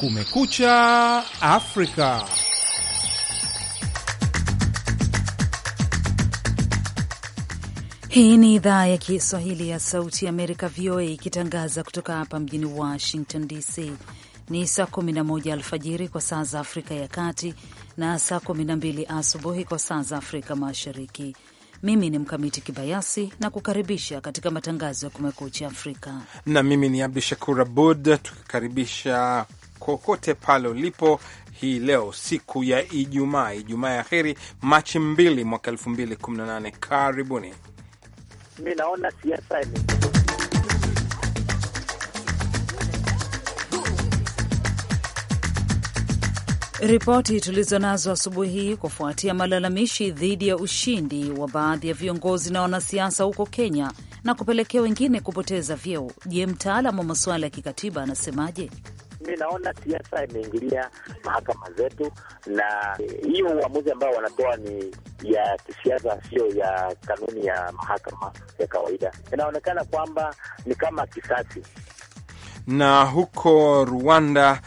Kumekucha Afrika. Hii ni idhaa ya Kiswahili ya Sauti ya Amerika, VOA, ikitangaza kutoka hapa mjini Washington DC. Ni saa 11 alfajiri kwa saa za Afrika ya Kati na saa 12 asubuhi kwa saa za Afrika Mashariki. Mimi ni Mkamiti Kibayasi na kukaribisha katika matangazo ya Kumekucha Afrika, na mimi ni Abdu Shakur Abud, tukikaribisha kokote pale ulipo hii leo siku ya Ijumaa, Ijumaa ya heri, Machi mbili mwaka elfu mbili kumi na nane. Karibuni. Mi naona siasa Ripoti tulizo nazo asubuhi hii kufuatia malalamishi dhidi ya ushindi wa baadhi ya viongozi na wanasiasa huko Kenya na kupelekea wengine kupoteza vyeo. Je, mtaalamu wa masuala ya kikatiba anasemaje? mi naona siasa imeingilia mahakama zetu, na hiyo uamuzi ambao wanatoa ni ya kisiasa, sio ya kanuni ya mahakama ya kawaida. Inaonekana kwamba ni kama kisasi. Na huko Rwanda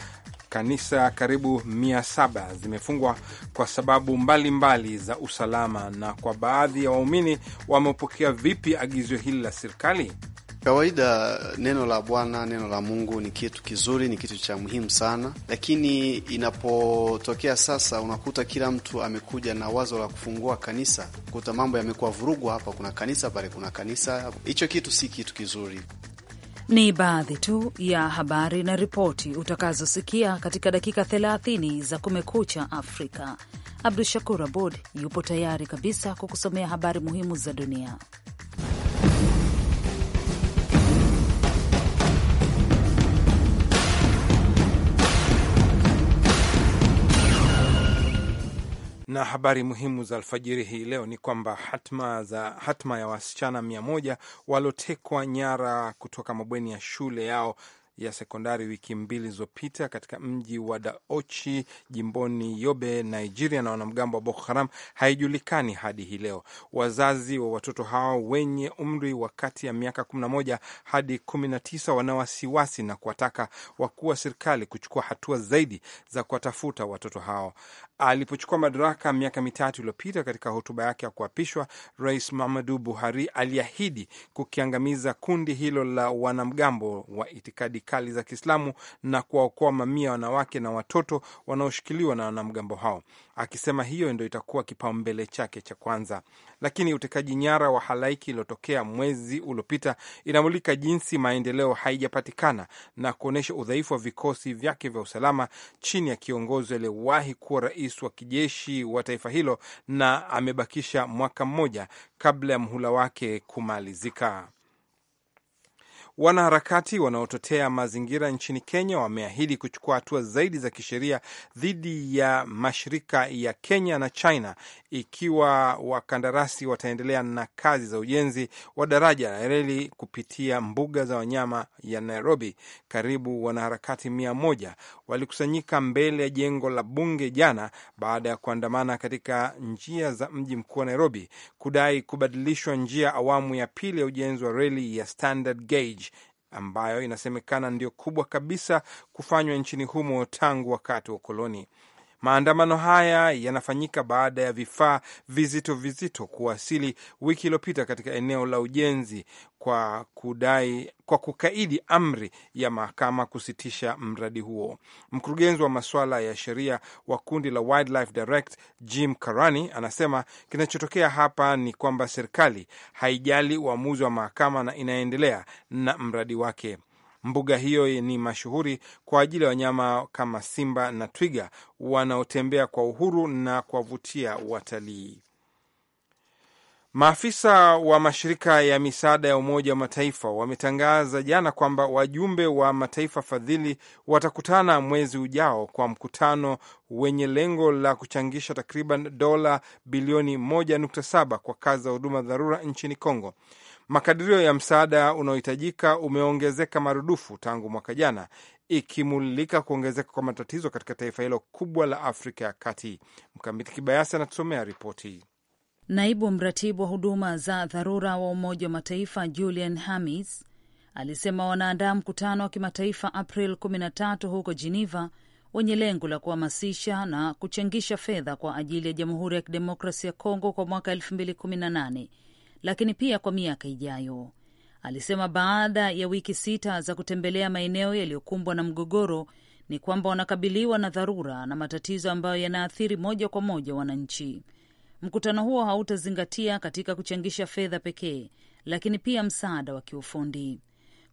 kanisa karibu mia saba zimefungwa kwa sababu mbalimbali mbali za usalama. Na kwa baadhi ya waumini, wamepokea vipi agizo hili la serikali? Kawaida neno la Bwana, neno la Mungu ni kitu kizuri, ni kitu cha muhimu sana, lakini inapotokea sasa, unakuta kila mtu amekuja na wazo la kufungua kanisa, kuta mambo yamekuwa vurugu, hapa kuna kanisa, pale kuna kanisa. Hicho kitu si kitu kizuri. Ni baadhi tu ya habari na ripoti utakazosikia katika dakika 30 za Kumekucha Afrika. Abdu Shakur Abud yupo tayari kabisa kukusomea habari muhimu za dunia. Na habari muhimu za alfajiri hii leo ni kwamba hatma, za, hatma ya wasichana mia moja waliotekwa nyara kutoka mabweni ya shule yao ya sekondari wiki mbili zilizopita katika mji wa Daochi jimboni Yobe, Nigeria, na wanamgambo wa Boko Haram haijulikani hadi hii leo. Wazazi wa watoto hao wenye umri wa kati ya miaka 11 hadi 19 wana wasiwasi na kuwataka wakuu wa serikali kuchukua hatua zaidi za kuwatafuta watoto hao. Alipochukua madaraka miaka mitatu iliyopita, katika hotuba yake ya kuapishwa, Rais Muhammadu Buhari aliahidi kukiangamiza kundi hilo la wanamgambo wa itikadi serikali za Kiislamu na kuwaokoa mamia wanawake na watoto wanaoshikiliwa na wanamgambo hao, akisema hiyo ndio itakuwa kipaumbele chake cha kwanza. Lakini utekaji nyara wa halaiki iliyotokea mwezi uliopita inamulika jinsi maendeleo haijapatikana na kuonyesha udhaifu wa vikosi vyake vya usalama chini ya kiongozi aliyewahi kuwa rais wa kijeshi wa taifa hilo na amebakisha mwaka mmoja kabla ya mhula wake kumalizika. Wanaharakati wanaotetea mazingira nchini Kenya wameahidi kuchukua hatua zaidi za kisheria dhidi ya mashirika ya Kenya na China ikiwa wakandarasi wataendelea na kazi za ujenzi wa daraja la reli kupitia mbuga za wanyama ya Nairobi. Karibu wanaharakati mia moja walikusanyika mbele ya jengo la bunge jana baada ya kuandamana katika njia za mji mkuu wa Nairobi kudai kubadilishwa njia awamu ya pili ya ujenzi wa reli ya standard gauge ambayo inasemekana ndio kubwa kabisa kufanywa nchini humo tangu wakati wa ukoloni. Maandamano haya yanafanyika baada ya vifaa vizito vizito kuwasili wiki iliyopita katika eneo la ujenzi kwa kudai kwa kukaidi amri ya mahakama kusitisha mradi huo. Mkurugenzi wa masuala ya sheria wa kundi la Wildlife Direct Jim Karani anasema kinachotokea hapa ni kwamba serikali haijali uamuzi wa mahakama na inaendelea na mradi wake. Mbuga hiyo ni mashuhuri kwa ajili ya wanyama kama simba na twiga wanaotembea kwa uhuru na kuwavutia watalii. Maafisa wa mashirika ya misaada ya Umoja wa Mataifa wametangaza jana kwamba wajumbe wa mataifa fadhili watakutana mwezi ujao kwa mkutano wenye lengo la kuchangisha takriban dola bilioni 1.7 kwa kazi za huduma dharura nchini Kongo. Makadirio ya msaada unaohitajika umeongezeka marudufu tangu mwaka jana, ikimulika kuongezeka kwa matatizo katika taifa hilo kubwa la Afrika ya Kati. Mkamiti Kibayasi anatusomea ripoti. Naibu mratibu wa huduma za dharura wa Umoja wa Mataifa Julian Hamis alisema wanaandaa mkutano wa kimataifa April 13 huko Geneva wenye lengo la kuhamasisha na kuchangisha fedha kwa ajili ya Jamhuri ya Kidemokrasi ya Kongo kwa mwaka 2018 lakini pia kwa miaka ijayo. Alisema baada ya wiki sita za kutembelea maeneo yaliyokumbwa na mgogoro ni kwamba wanakabiliwa na dharura na matatizo ambayo yanaathiri moja kwa moja wananchi. Mkutano huo hautazingatia katika kuchangisha fedha pekee, lakini pia msaada wa kiufundi.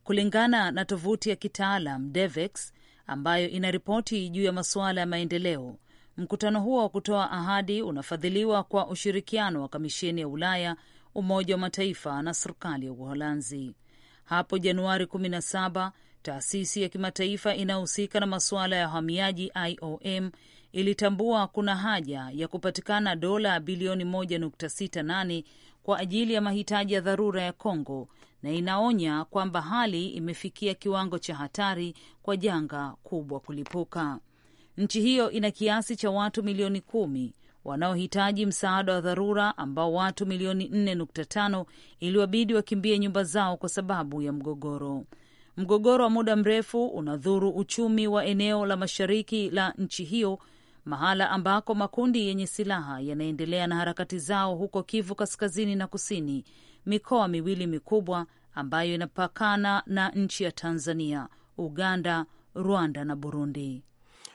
Kulingana na tovuti ya kitaalam Devex ambayo ina ripoti juu ya masuala ya maendeleo, mkutano huo wa kutoa ahadi unafadhiliwa kwa ushirikiano wa Kamisheni ya Ulaya Umoja wa Mataifa na serikali ya Uholanzi. Hapo Januari 17 taasisi ya kimataifa inayohusika na masuala ya wahamiaji IOM ilitambua kuna haja ya kupatikana dola bilioni 1.68 kwa ajili ya mahitaji ya dharura ya congo na inaonya kwamba hali imefikia kiwango cha hatari kwa janga kubwa kulipuka. Nchi hiyo ina kiasi cha watu milioni kumi wanaohitaji msaada wa dharura ambao watu milioni 4.5 iliwabidi wakimbie nyumba zao kwa sababu ya mgogoro. Mgogoro wa muda mrefu unadhuru uchumi wa eneo la mashariki la nchi hiyo, mahala ambako makundi yenye silaha yanaendelea na harakati zao huko Kivu kaskazini na kusini, mikoa miwili mikubwa ambayo inapakana na nchi ya Tanzania, Uganda, Rwanda na Burundi.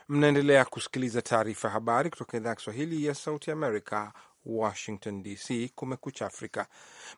Mnaendelea kusikiliza taarifa ya habari kutoka idhaa ya Kiswahili ya Sauti Amerika, Washington DC. Kumekucha Afrika.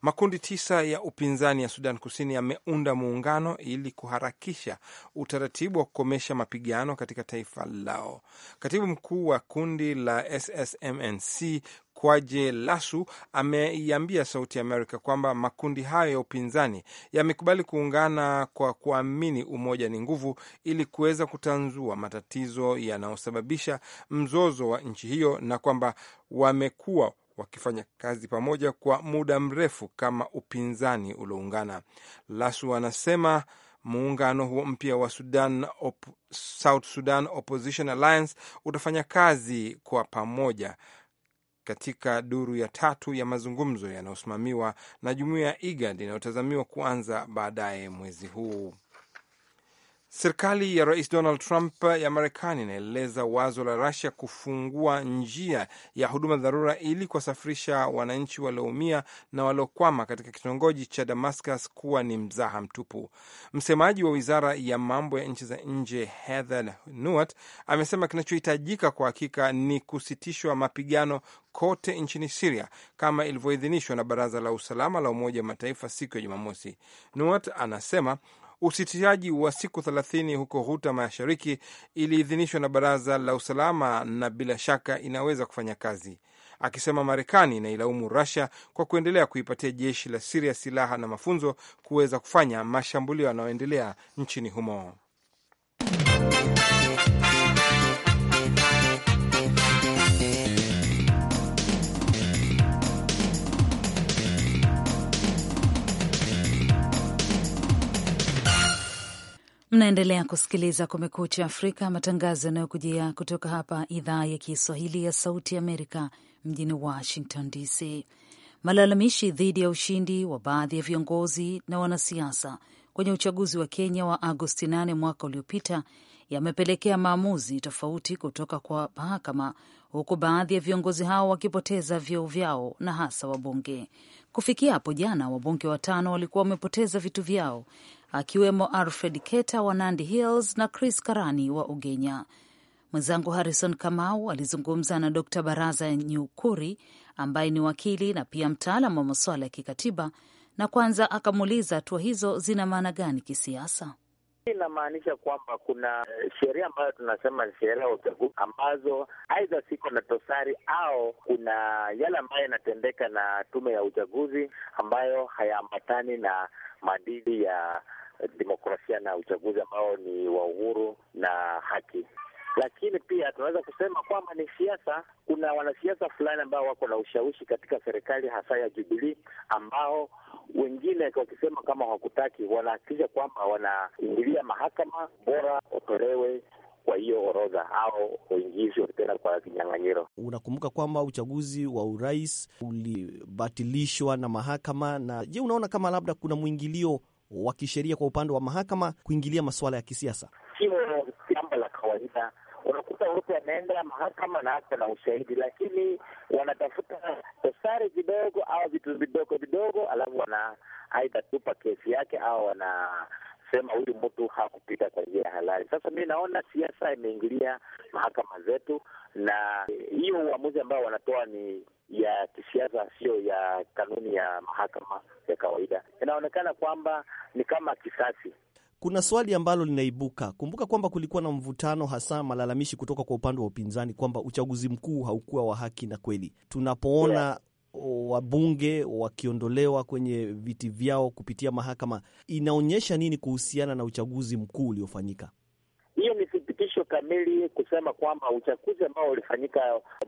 Makundi tisa ya upinzani ya Sudan Kusini yameunda muungano ili kuharakisha utaratibu wa kukomesha mapigano katika taifa lao. Katibu mkuu wa kundi la SSMNC Kwaje Lasu ameiambia Sauti ya Amerika kwamba makundi hayo ya upinzani yamekubali kuungana kwa kuamini umoja ni nguvu, ili kuweza kutanzua matatizo yanayosababisha mzozo wa nchi hiyo, na kwamba wamekuwa wakifanya kazi pamoja kwa muda mrefu kama upinzani ulioungana. Lasu anasema muungano huo mpya wa Sudan Op South Sudan Opposition Alliance utafanya kazi kwa pamoja katika duru ya tatu ya mazungumzo yanayosimamiwa na jumuiya ya IGAD inayotazamiwa kuanza baadaye mwezi huu. Serikali ya Rais Donald Trump ya Marekani inaeleza wazo la Rasia kufungua njia ya huduma dharura ili kuwasafirisha wananchi walioumia na waliokwama katika kitongoji cha Damascus kuwa ni mzaha mtupu. Msemaji wa wizara ya mambo ya nchi za nje Heather Nauert amesema kinachohitajika kwa hakika ni kusitishwa mapigano kote nchini Siria kama ilivyoidhinishwa na Baraza la Usalama la Umoja wa Mataifa siku ya Jumamosi. Nauert anasema Usitishaji wa siku thelathini huko Ghuta Mashariki iliidhinishwa na Baraza la Usalama na bila shaka inaweza kufanya kazi, akisema Marekani inailaumu rasia kwa kuendelea kuipatia jeshi la Siria silaha na mafunzo kuweza kufanya mashambulio yanayoendelea nchini humo. Mnaendelea kusikiliza Kumekucha Afrika, matangazo yanayokujia kutoka hapa idhaa ya Kiswahili ya Sauti Amerika mjini Washington DC. Malalamishi dhidi ya ushindi wa baadhi ya viongozi na wanasiasa kwenye uchaguzi wa Kenya wa Agosti 8 mwaka uliopita yamepelekea maamuzi tofauti kutoka kwa mahakama, huku baadhi ya viongozi hao wakipoteza vyeo vyao na hasa wabunge. Kufikia hapo jana, wabunge watano walikuwa wamepoteza vitu vyao akiwemo Alfred Keta wa Nandi Hills na Chris Karani wa Ugenya. Mwenzangu Harrison Kamau alizungumza na Dr Baraza Nyukuri ambaye ni wakili na pia mtaalam wa masuala ya kikatiba, na kwanza akamuuliza hatua hizo zina maana gani kisiasa. Inamaanisha kwamba kuna eh, sheria ambayo tunasema ni sheria ya uchaguzi ambazo aidha siko na tosari au kuna yale ambayo yanatendeka na tume ya uchaguzi ambayo hayaambatani na maadili ya demokrasia na uchaguzi ambao ni wa uhuru na haki. Lakini pia tunaweza kusema kwamba ni siasa. Kuna wanasiasa fulani ambao wako na ushawishi katika serikali hasa ya Jubilii ambao wengine wakisema kama hawakutaki, wanahakikisha kwamba wanaingilia mahakama, bora watolewe kwa hiyo orodha au waingizwe tena kwa kinyang'anyiro. Unakumbuka kwamba uchaguzi wa urais ulibatilishwa na mahakama. Na je, unaona kama labda kuna mwingilio wa kisheria kwa upande wa mahakama kuingilia masuala ya kisiasa? Sio jambo la kawaida unakuta watu wameenda mahakama na hata na ushahidi, lakini wanatafuta dosari vidogo au vitu vidogo vidogo, alafu wana aidha tupa kesi yake au wana sema huyu mtu hakupita kwa njia ya halali. Sasa mi naona siasa imeingilia mahakama zetu, na hiyo uamuzi ambao wanatoa ni ya kisiasa, sio ya kanuni ya mahakama ya kawaida. Inaonekana kwamba ni kama kisasi kuna swali ambalo linaibuka. Kumbuka kwamba kulikuwa na mvutano, hasa malalamishi kutoka kwa upande wa upinzani kwamba uchaguzi mkuu haukuwa wa haki na kweli. Tunapoona yeah wabunge wakiondolewa kwenye viti vyao kupitia mahakama, inaonyesha nini kuhusiana na uchaguzi mkuu uliofanyika? kamili kusema kwamba uchaguzi ambao ulifanyika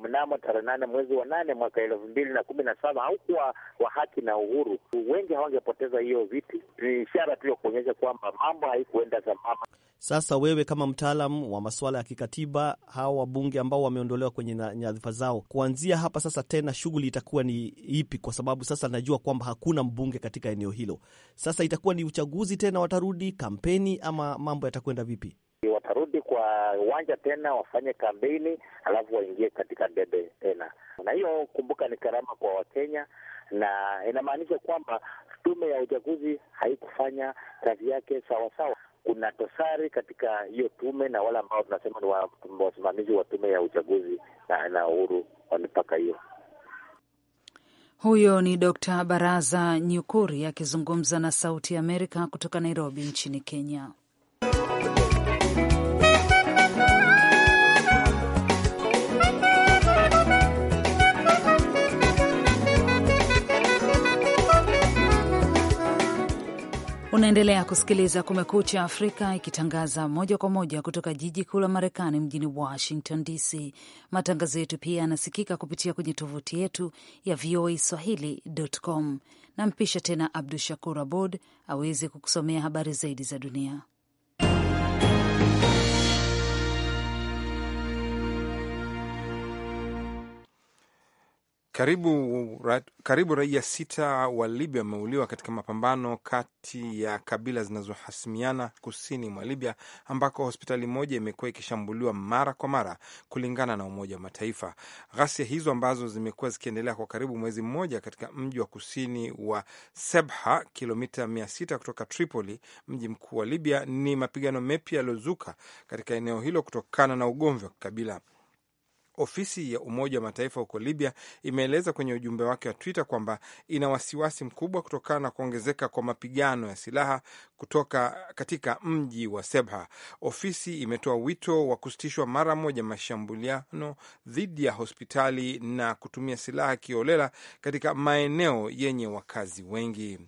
mnamo tarehe nane mwezi wa nane mwaka elfu mbili na kumi na saba haukuwa wa haki na uhuru. Wengi hawangepoteza hiyo viti. Ni ishara tu ya kuonyesha kwamba mambo haikuenda sambamba. Sasa wewe kama mtaalam wa masuala ya kikatiba, hawa wabunge ambao wameondolewa kwenye nyadhifa zao, kuanzia hapa sasa tena shughuli itakuwa ni ipi? Kwa sababu sasa najua kwamba hakuna mbunge katika eneo hilo. Sasa itakuwa ni uchaguzi tena, watarudi kampeni ama mambo yatakwenda vipi? watarudi kwa uwanja tena wafanye kampeni, alafu waingie katika debe tena, na hiyo kumbuka, ni karama kwa Wakenya na inamaanisha kwamba tume ya uchaguzi haikufanya kazi yake sawasawa. Kuna dosari katika hiyo tume na wale ambao tunasema ni wasimamizi wa tume ya uchaguzi na, na uhuru wa mipaka hiyo. Huyo ni Dr. Baraza Nyukuri akizungumza na Sauti ya Amerika kutoka Nairobi nchini Kenya. Unaendelea kusikiliza Kumekucha Afrika ikitangaza moja kwa moja kutoka jiji kuu la Marekani, mjini Washington DC. Matangazo yetu pia yanasikika kupitia kwenye tovuti yetu ya VOA Swahili.com. Nampisha tena Abdu Shakur Abod aweze kukusomea habari zaidi za dunia. Karibu, karibu raia sita wa Libya wameuliwa katika mapambano kati ya kabila zinazohasimiana kusini mwa Libya ambako hospitali moja imekuwa ikishambuliwa mara kwa mara kulingana na Umoja wa Mataifa. Ghasia hizo ambazo zimekuwa zikiendelea kwa karibu mwezi mmoja katika mji wa kusini wa Sebha, kilomita mia sita kutoka Tripoli, mji mkuu wa Libya, ni mapigano mepya yaliyozuka katika eneo hilo kutokana na ugomvi wa kikabila. Ofisi ya Umoja wa Mataifa huko Libya imeeleza kwenye ujumbe wake wa Twitter kwamba ina wasiwasi mkubwa kutokana na kuongezeka kwa mapigano ya silaha kutoka katika mji wa Sebha. Ofisi imetoa wito wa kusitishwa mara moja mashambuliano dhidi ya hospitali na kutumia silaha kiolela katika maeneo yenye wakazi wengi.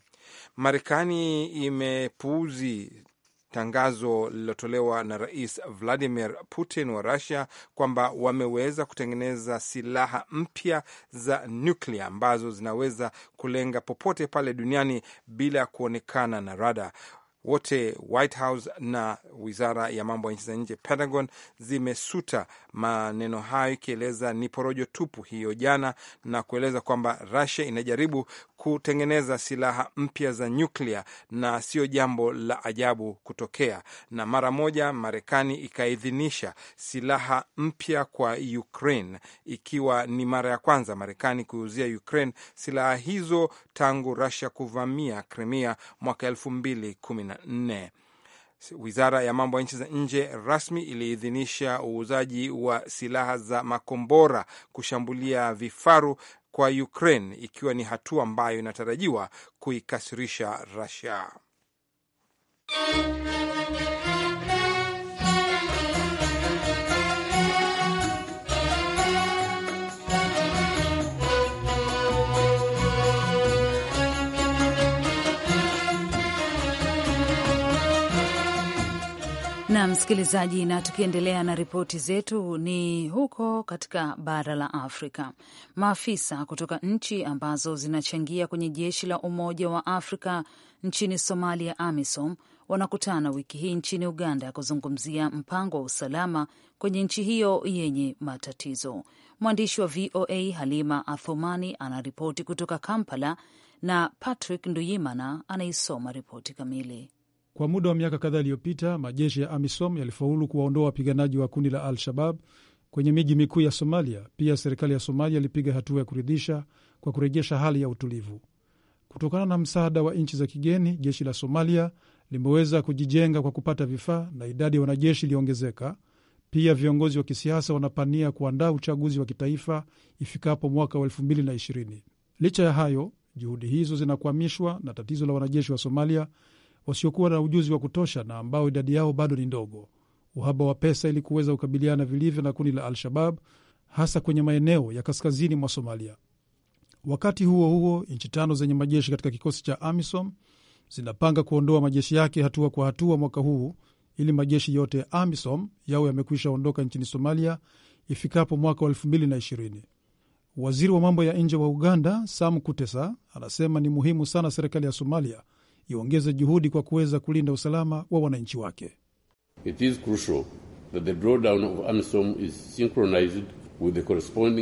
Marekani imepuuzi tangazo lililotolewa na Rais Vladimir Putin wa Russia kwamba wameweza kutengeneza silaha mpya za nyuklia ambazo zinaweza kulenga popote pale duniani bila kuonekana na rada wote White House na wizara ya mambo ya nchi za nje Pentagon zimesuta maneno hayo, ikieleza ni porojo tupu hiyo jana, na kueleza kwamba Russia inajaribu kutengeneza silaha mpya za nyuklia na sio jambo la ajabu kutokea. Na mara moja Marekani ikaidhinisha silaha mpya kwa Ukraine, ikiwa ni mara ya kwanza Marekani kuuzia Ukraine silaha hizo tangu Russia kuvamia Crimea mwaka elfu mbili kumi Wizara ya mambo ya nchi za nje rasmi iliidhinisha uuzaji wa silaha za makombora kushambulia vifaru kwa Ukraine, ikiwa ni hatua ambayo inatarajiwa kuikasirisha Russia. na msikilizaji, na tukiendelea na ripoti zetu, ni huko katika bara la Afrika, maafisa kutoka nchi ambazo zinachangia kwenye jeshi la Umoja wa Afrika nchini Somalia, AMISOM, wanakutana wiki hii nchini Uganda kuzungumzia mpango wa usalama kwenye nchi hiyo yenye matatizo. Mwandishi wa VOA Halima Athumani anaripoti kutoka Kampala na Patrick Nduyimana anaisoma ripoti kamili. Kwa muda wa miaka kadhaa iliyopita, majeshi ya AMISOM yalifaulu kuwaondoa wapiganaji wa kundi la Al-Shabab kwenye miji mikuu ya Somalia. Pia serikali ya Somalia ilipiga hatua ya kuridhisha kwa kurejesha hali ya utulivu. Kutokana na msaada wa nchi za kigeni, jeshi la Somalia limeweza kujijenga kwa kupata vifaa na idadi ya wanajeshi iliongezeka. Pia viongozi wa kisiasa wanapania kuandaa uchaguzi wa kitaifa ifikapo mwaka wa elfu mbili na ishirini. Licha ya hayo, juhudi hizo zinakwamishwa na tatizo la wanajeshi wa Somalia wasiokuwa na ujuzi wa kutosha na ambao idadi yao bado ni ndogo. Uhaba wa pesa ili kuweza kukabiliana vilivyo na kundi la Al-Shabab hasa kwenye maeneo ya kaskazini mwa Somalia. Wakati huo huo, nchi tano zenye majeshi katika kikosi cha AMISOM zinapanga kuondoa majeshi yake hatua kwa hatua mwaka huu ili majeshi yote AMISOM, ya AMISOM yao yamekwisha ondoka nchini Somalia ifikapo mwaka wa 2020. Waziri wa mambo ya nje wa Uganda Sam Kutesa anasema ni muhimu sana serikali ya Somalia iongeze juhudi kwa kuweza kulinda usalama wa wananchi wake.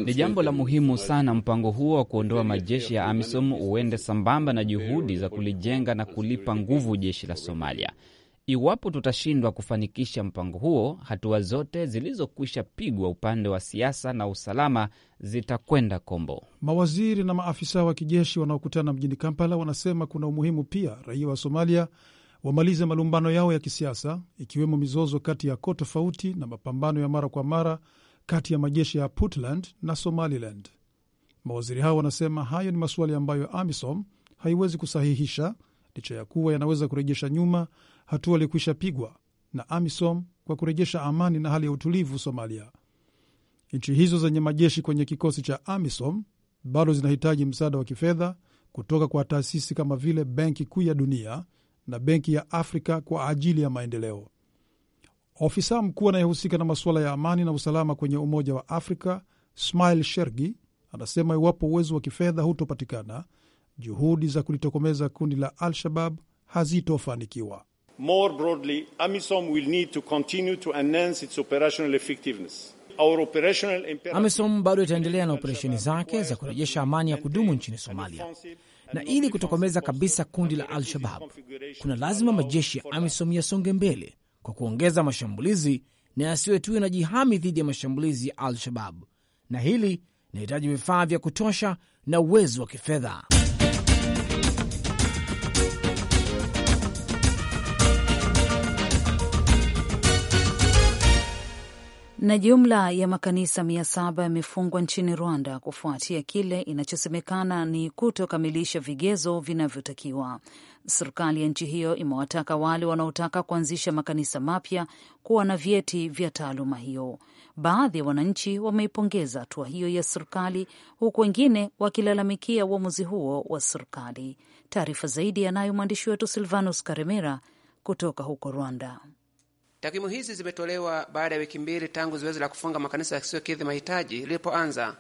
Ni jambo la muhimu sana mpango huo wa kuondoa majeshi ya AMISOM uende sambamba na juhudi za kulijenga na kulipa nguvu jeshi la Somalia. Iwapo tutashindwa kufanikisha mpango huo, hatua zote zilizokwisha pigwa upande wa siasa na usalama zitakwenda kombo. Mawaziri na maafisa wa kijeshi wanaokutana mjini Kampala wanasema kuna umuhimu pia raia wa Somalia wamalize malumbano yao ya kisiasa, ikiwemo mizozo kati ya koo tofauti na mapambano ya mara kwa mara kati ya majeshi ya Puntland na Somaliland. Mawaziri hao wanasema hayo ni masuala ambayo AMISOM haiwezi kusahihisha licha ya kuwa yanaweza kurejesha nyuma hatua ilikwisha pigwa na AMISOM kwa kurejesha amani na hali ya utulivu Somalia. Nchi hizo zenye majeshi kwenye kikosi cha AMISOM bado zinahitaji msaada wa kifedha kutoka kwa taasisi kama vile Benki Kuu ya Dunia na Benki ya Afrika kwa ajili ya maendeleo. Ofisa mkuu anayehusika na masuala ya amani na usalama kwenye Umoja wa Afrika Smail Shergi anasema iwapo uwezo wa kifedha hutopatikana, juhudi za kulitokomeza kundi la Al-Shabab hazitofanikiwa. More broadly, AMISOM will need to continue to enhance its operational effectiveness. AMISOM bado itaendelea na operesheni zake za kurejesha amani ya kudumu nchini Somalia, na ili kutokomeza kabisa kundi la Al-Shabab, kuna lazima majeshi ya AMISOM yasonge mbele kwa kuongeza mashambulizi na yasiwe tu yanajihami dhidi ya mashambulizi ya Al-Shabab, na hili linahitaji vifaa vya kutosha na uwezo wa kifedha. Na jumla ya makanisa mia saba yamefungwa nchini Rwanda kufuatia kile inachosemekana ni kutokamilisha vigezo vinavyotakiwa. Serikali ya nchi hiyo imewataka wale wanaotaka kuanzisha makanisa mapya kuwa na vyeti vya taaluma hiyo. Baadhi ya wananchi wameipongeza hatua hiyo ya serikali, huku wengine wakilalamikia uamuzi huo wa serikali. Taarifa zaidi yanayo mwandishi wetu Silvanus Karemera kutoka huko Rwanda. Takwimu hizi zimetolewa baada ya wiki mbili tangu zoezi la kufunga makanisa yasiyokidhi mahitaji lilipoanza.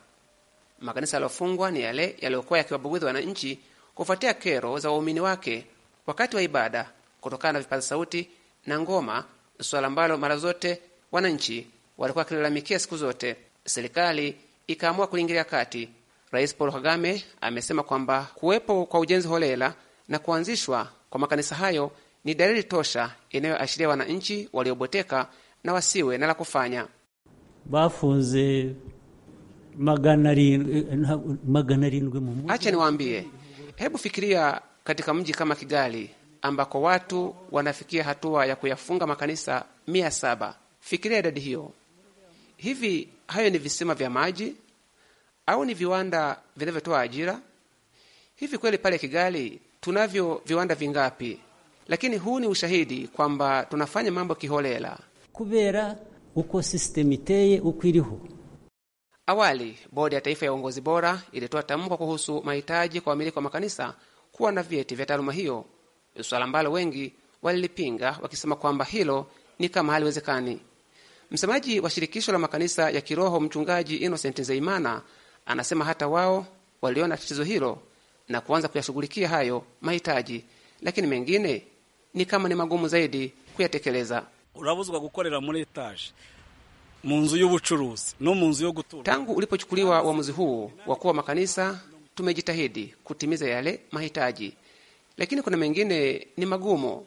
Makanisa yaliyofungwa ni yale yaliyokuwa yakiwabugudhi wananchi kufuatia kero za waumini wake wakati wa ibada kutokana na vipaza sauti na ngoma, suala ambalo mara zote wananchi walikuwa wakilalamikia siku zote. Serikali ikaamua kuingilia kati. Rais Paul Kagame amesema kwamba kuwepo kwa ujenzi holela na kuanzishwa kwa makanisa hayo ni dalili tosha inayoashiria wananchi walioboteka na wasiwe na la kufanya. bafunze maganarindwi mu Acha niwaambie, hebu fikiria katika mji kama Kigali ambako watu wanafikia hatua ya kuyafunga makanisa mia saba. Fikiria idadi hiyo. Hivi hayo ni visima vya maji au ni viwanda vinavyotoa ajira? Hivi kweli pale Kigali tunavyo viwanda vingapi lakini huu ni ushahidi kwamba tunafanya mambo kiholela kubera uko sistemu iteye uko iriho. Awali bodi ya taifa ya uongozi bora ilitoa tamko kuhusu mahitaji kwa wamiliki wa makanisa kuwa na vyeti vya taaluma hiyo, swala ambalo wengi walilipinga wakisema kwamba hilo ni kama haliwezekani. Msemaji wa shirikisho la makanisa ya kiroho mchungaji Innocent Zeimana anasema hata wao waliona tatizo hilo na kuanza kuyashughulikia hayo mahitaji, lakini mengine ni kama ni magumu zaidi kuyatekeleza. Urabuzwa gukorera muri etaje mu nzu y'ubucuruzi no mu nzu yo gutura. Tangu ulipochukuliwa uamuzi huu wa kuwa makanisa, tumejitahidi kutimiza yale mahitaji, lakini kuna mengine ni magumu.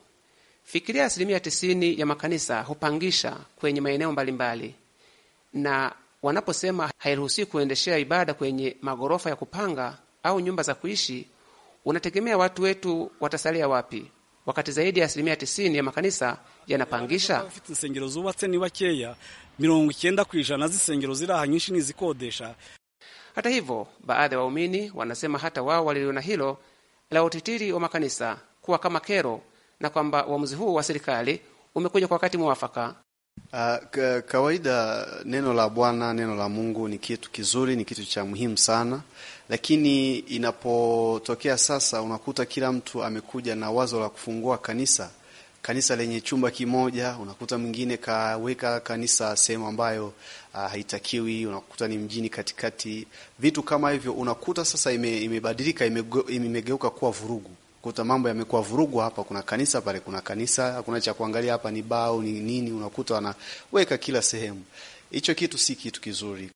Fikiria, asilimia tisini ya makanisa hupangisha kwenye maeneo mbalimbali, na wanaposema hairuhusiwi kuendeshea ibada kwenye magorofa ya kupanga au nyumba za kuishi, unategemea watu wetu watasalia wapi? wakati zaidi ya asilimia tisini ya makanisa yanapangisha insengero zubatse ni bakeya mirongo icyenda ku ijana z'isengero ziri aha nyinshi nizikodesha. Hata hivyo, baadhi ya waumini wanasema hata wao waliliona hilo la utitiri wa makanisa kuwa kama kero na kwamba uamuzi huu wa serikali umekuja kwa wakati mwafaka. Uh, kawaida neno la Bwana, neno la Mungu ni kitu kizuri, ni kitu cha muhimu sana lakini inapotokea sasa, unakuta kila mtu amekuja na wazo la kufungua kanisa, kanisa lenye chumba kimoja. Unakuta mwingine kaweka kanisa sehemu ambayo ah, haitakiwi, unakuta ni mjini katikati, vitu kama hivyo. Unakuta sasa imebadilika, ime imegeuka kuwa vurugu kuta mambo yamekuwa vurugu. Hapa kuna kanisa, pale kuna kanisa, hakuna cha kuangalia, hapa ni bao ni nini, unakuta wanaweka kila sehemu. Hicho kitu si kitu kizuri.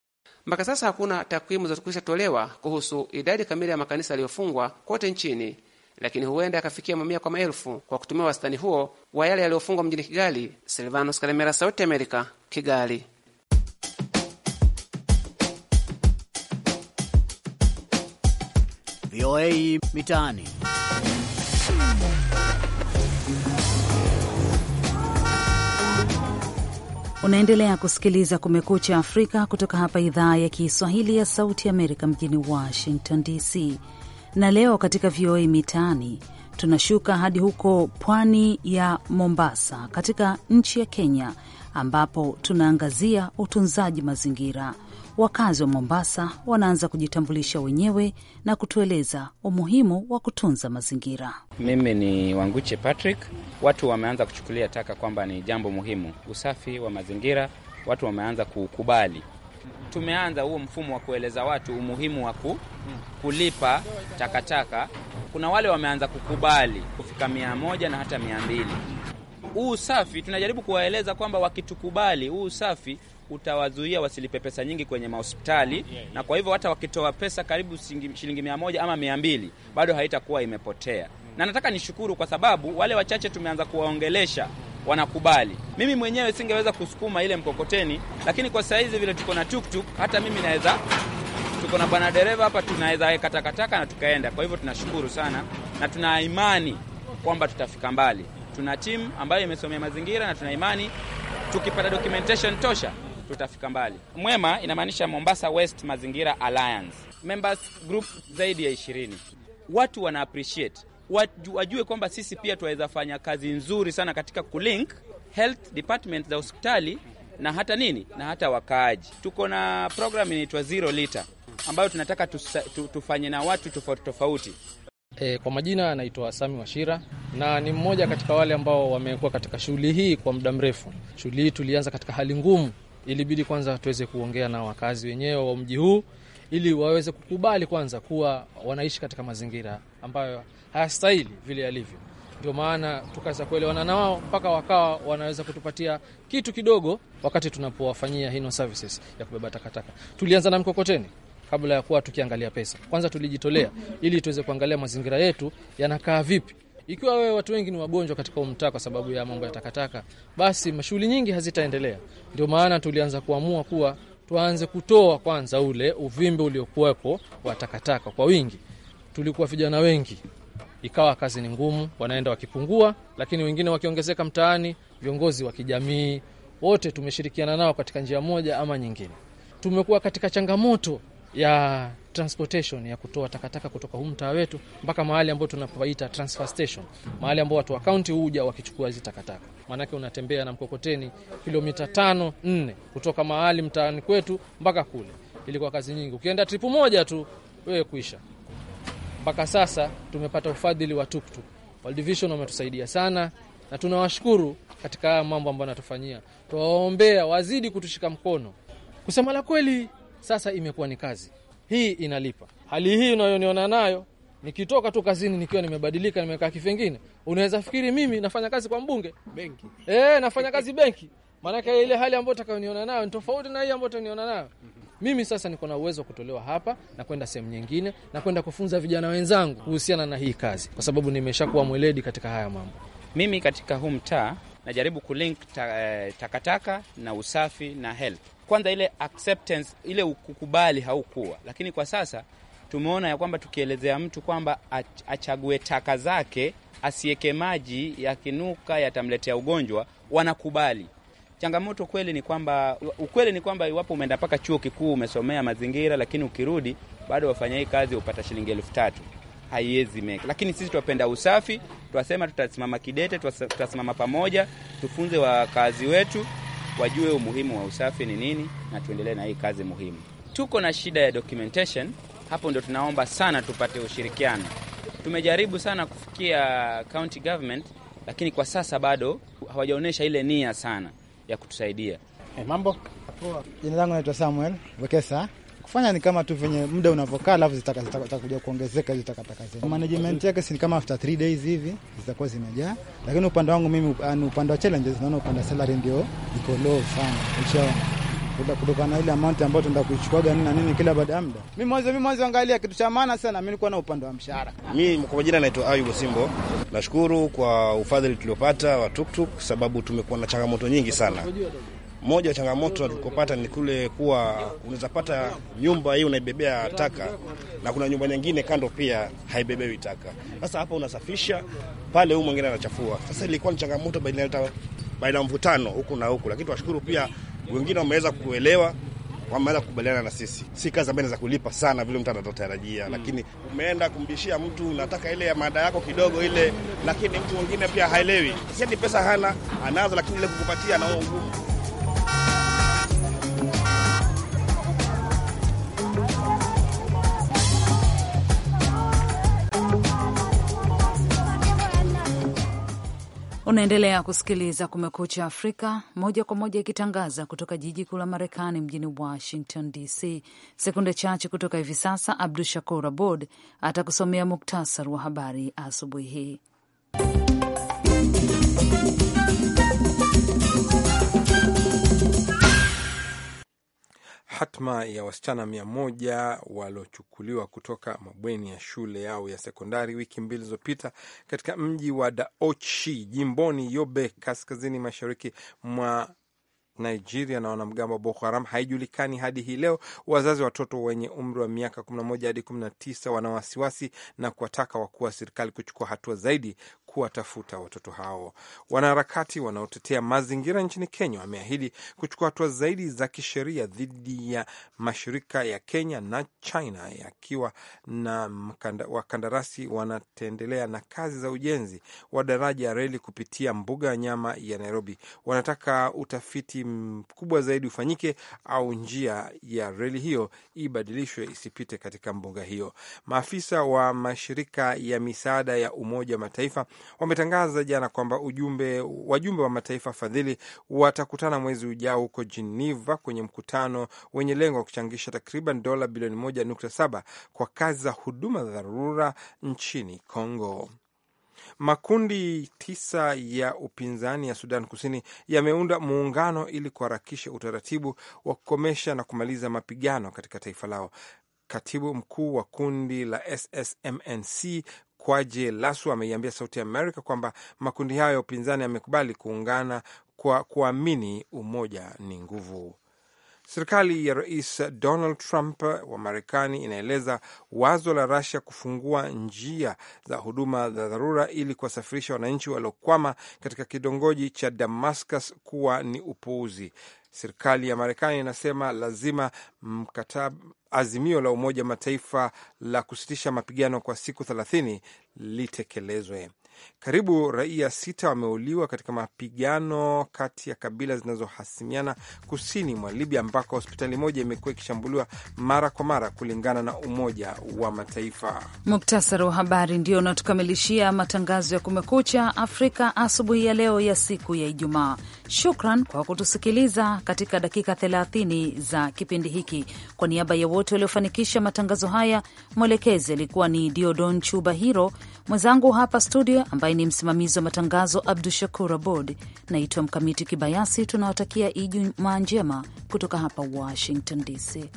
Mpaka sasa hakuna takwimu zilizokwisha tolewa kuhusu idadi kamili ya makanisa yaliyofungwa kote nchini, lakini huenda yakafikia mamia kwa maelfu kwa kutumia wastani huo wa yale yaliyofungwa mjini Kigali. Silvanos Kalemera, Sauti ya Amerika, Kigali. VOA Mitaani. Unaendelea kusikiliza Kumekucha Afrika kutoka hapa idhaa ya Kiswahili ya Sauti Amerika mjini Washington DC. Na leo katika VOA Mitaani tunashuka hadi huko pwani ya Mombasa katika nchi ya Kenya ambapo tunaangazia utunzaji mazingira. Wakazi wa Mombasa wanaanza kujitambulisha wenyewe na kutueleza umuhimu wa kutunza mazingira. Mimi ni Wanguche Patrick. Watu wameanza kuchukulia taka kwamba ni jambo muhimu, usafi wa mazingira, watu wameanza kuukubali. Tumeanza huo mfumo wa kueleza watu umuhimu wa ku, kulipa takataka. Kuna wale wameanza kukubali kufika mia moja na hata mia mbili huu usafi tunajaribu kuwaeleza kwamba wakitukubali huu usafi utawazuia wasilipe pesa nyingi kwenye mahospitali yeah, yeah. Na kwa hivyo hata wakitoa pesa karibu shilingi mia moja ama mia mbili bado haitakuwa imepotea mm. Na nataka nishukuru kwa sababu wale wachache tumeanza kuwaongelesha wanakubali. Mimi mwenyewe singeweza kusukuma ile mkokoteni, lakini kwa sahizi vile tuko na tuktuk, hata mimi naweza, tuko na bwana dereva hapa, tunaweza weka takataka na tukaenda. Kwa hivyo tunashukuru sana na tuna imani kwamba tutafika mbali. Tuna timu ambayo imesomea mazingira na tuna imani tukipata documentation tosha tutafika mbali. Mwema inamaanisha Mombasa West Mazingira Alliance, members group zaidi ya ishirini. Watu wana appreciate watu wajue kwamba sisi pia tunaweza fanya kazi nzuri sana katika kulink health department za hospitali na hata nini na hata wakaaji. Tuko na program inaitwa zero liter ambayo tunataka tufanye na watu tofauti tofauti E, kwa majina anaitwa Sami Washira na ni mmoja katika wale ambao wamekuwa katika shughuli hii kwa muda mrefu. Shughuli hii tulianza katika hali ngumu, ilibidi kwanza tuweze kuongea na wakazi wenyewe wa mji huu ili waweze kukubali kwanza kuwa wanaishi katika mazingira ambayo hayastahili vile yalivyo. Ndio maana tukaweza kuelewana na wao mpaka wakawa wanaweza kutupatia kitu kidogo wakati tunapowafanyia hino services ya kubeba takataka. Tulianza na mkokoteni kabla ya kuwa tukiangalia pesa. Kwanza tulijitolea ili tuweze kuangalia mazingira yetu yanakaa vipi. Ikiwa wewe watu wengi ni wagonjwa katika umtaa kwa sababu ya mambo ya takataka, basi mashughuli nyingi hazitaendelea. Ndio maana tulianza kuamua kuwa tuanze kutoa kwanza ule uvimbe uliokuwepo wa takataka kwa wingi. Tulikuwa vijana wengi, ikawa kazi ni ngumu, wanaenda wakipungua, lakini wengine wakiongezeka mtaani. Viongozi wa kijamii wote tumeshirikiana nao katika njia moja ama nyingine. Tumekuwa katika changamoto ya transportation ya kutoa takataka kutoka huu mtaa wetu mpaka mahali ambapo tunapoita transfer station, mahali ambapo watu wa kaunti huja wakichukua hizi takataka. Maanake unatembea na mkokoteni kilomita tano nne kutoka mahali mtaani kwetu mpaka kule. Ilikuwa kazi nyingi, ukienda tripu moja tu wewe kuisha. Mpaka sasa tumepata ufadhili wa tuktuk World Vision, wametusaidia sana na tunawashukuru katika haya mambo ambayo anatufanyia. Tuwaombea wazidi kutushika mkono. Kusema la kweli sasa imekuwa ni kazi hii, inalipa. Hali hii unayoniona nayo nikitoka tu kazini nikiwa nimebadilika, nimekaa kifengine, unaweza fikiri mimi nafanya kazi kwa mbunge benki. E, nafanya kazi benki, maanake ile hali ambayo utakayoniona nayo ni tofauti na hii ambayo utaniona nayo mimi sasa niko na uwezo wa kutolewa hapa na kwenda sehemu nyingine na kwenda kufunza vijana wenzangu kuhusiana na hii kazi, kwa sababu nimeshakuwa mweledi katika haya mambo. Mimi katika huu mtaa najaribu kulink eh, takataka ta na usafi na health kwanza ile acceptance, ile kukubali haukuwa, lakini kwa sasa tumeona ya kwamba tukielezea mtu kwamba achague taka zake, asiweke maji yakinuka yatamletea ugonjwa, wanakubali. Changamoto kweli ni kwamba ukweli ni kwamba iwapo umeenda mpaka chuo kikuu umesomea mazingira, lakini ukirudi bado wafanya hii kazi upata shilingi elfu tatu haiwezi meka. Lakini sisi twapenda usafi, twasema tutasimama kidete, tutasimama pamoja, tufunze wakazi wetu wajue umuhimu wa usafi ni nini, na tuendelee na hii kazi muhimu. Tuko na shida ya documentation, hapo ndio tunaomba sana tupate ushirikiano. Tumejaribu sana kufikia county government, lakini kwa sasa bado hawajaonyesha ile nia sana ya kutusaidia. Hey, eh, mambo. Jina langu naitwa Samuel Wekesa kufanya ni kama tu venye muda unavokaa, alafu zitakuja kuongezeka hizo takataka zenu. Management yake si kama after 3 days hivi zitakuwa zimejaa, lakini upande wangu mimi, ah, upande wa challenges, naona upande wa salary ndio iko low sana, ushaona kutokana na ile amount ambayo tunaenda kuichukuaga nini na nini kila baada ya muda. Mi mwanzo mi mwanzo angalia kitu cha maana sana, mi nilikuwa na upande wa mshahara. Mi kwa jina naitwa Ayubu Simbo. Nashukuru kwa ufadhili tuliopata wa tuktuk, sababu tumekuwa na changamoto nyingi sana moja ya changamoto tulikopata ni kule kuwa unaweza pata nyumba hii unaibebea taka na kuna nyumba nyingine kando pia haibebewi taka. Sasa hapa unasafisha pale, huyu mwingine anachafua. Sasa ilikuwa ni changamoto baina ya mvutano huku na huku, lakini tunashukuru pia wengine wameweza kuelewa wameweza kukubaliana na sisi. Si kazi ambayo inaweza kulipa sana vile mtu anatarajia, mm. lakini umeenda kumbishia mtu, unataka ile ya mada yako kidogo ile, lakini mtu mwingine pia haelewi. Sasa pesa hana anazo, lakini ile kukupatia na ugumu Unaendelea kusikiliza Kumekucha Afrika moja kwa moja ikitangaza kutoka jiji kuu la Marekani, mjini Washington DC. Sekunde chache kutoka hivi sasa, Abdu Shakur Abod atakusomea muktasar wa habari asubuhi hii. hatma ya wasichana mia moja waliochukuliwa kutoka mabweni ya shule yao ya sekondari wiki mbili zilizopita katika mji wa Daochi jimboni Yobe kaskazini mashariki mwa Nigeria na wanamgambo wa Boko Haram haijulikani hadi hii leo. Wazazi watoto wenye umri wa miaka 11 hadi 19 wana wasiwasi na kuwataka wakuu wa serikali kuchukua hatua zaidi kuwatafuta watoto hao. Wanaharakati wanaotetea mazingira nchini Kenya wameahidi kuchukua hatua zaidi za kisheria dhidi ya mashirika ya Kenya na China yakiwa na mkanda, wakandarasi wanatendelea na kazi za ujenzi wa daraja ya reli kupitia mbuga ya nyama ya Nairobi. Wanataka utafiti mkubwa zaidi ufanyike au njia ya reli hiyo ibadilishwe isipite katika mbuga hiyo. Maafisa wa mashirika ya misaada ya Umoja wa Mataifa wametangaza jana kwamba ujumbe wajumbe wa mataifa fadhili watakutana mwezi ujao huko Geneva kwenye mkutano wenye lengo wa kuchangisha takriban dola bilioni 1.7 kwa kazi za huduma za dharura nchini congo Makundi tisa ya upinzani ya Sudan Kusini yameunda muungano ili kuharakisha utaratibu wa kukomesha na kumaliza mapigano katika taifa lao. Katibu mkuu wa kundi la SSMNC Kwaje Lasu ameiambia Sauti Amerika kwamba makundi hayo ya upinzani yamekubali kuungana kwa kuamini umoja ni nguvu. Serikali ya Rais Donald Trump wa Marekani inaeleza wazo la Rasia kufungua njia za huduma za dharura ili kuwasafirisha wananchi waliokwama katika kitongoji cha Damascus kuwa ni upuuzi. Serikali ya Marekani inasema lazima mkataba, azimio la Umoja Mataifa la kusitisha mapigano kwa siku thelathini litekelezwe. Karibu raia sita wameuliwa katika mapigano kati ya kabila zinazohasimiana kusini mwa Libya, ambako hospitali moja imekuwa ikishambuliwa mara kwa mara, kulingana na Umoja wa Mataifa. Muktasari wa habari ndio unatukamilishia matangazo ya Kumekucha Afrika asubuhi ya leo ya siku ya Ijumaa. Shukran kwa kutusikiliza katika dakika 30 za kipindi hiki. Kwa niaba ya wote waliofanikisha matangazo haya, mwelekezi alikuwa ni Diodon Chuba Hiro, mwenzangu hapa studio ambaye ni msimamizi wa matangazo Abdu Shakur Abod. Naitwa Mkamiti Kibayasi. Tunawatakia Ijumaa njema kutoka hapa Washington DC.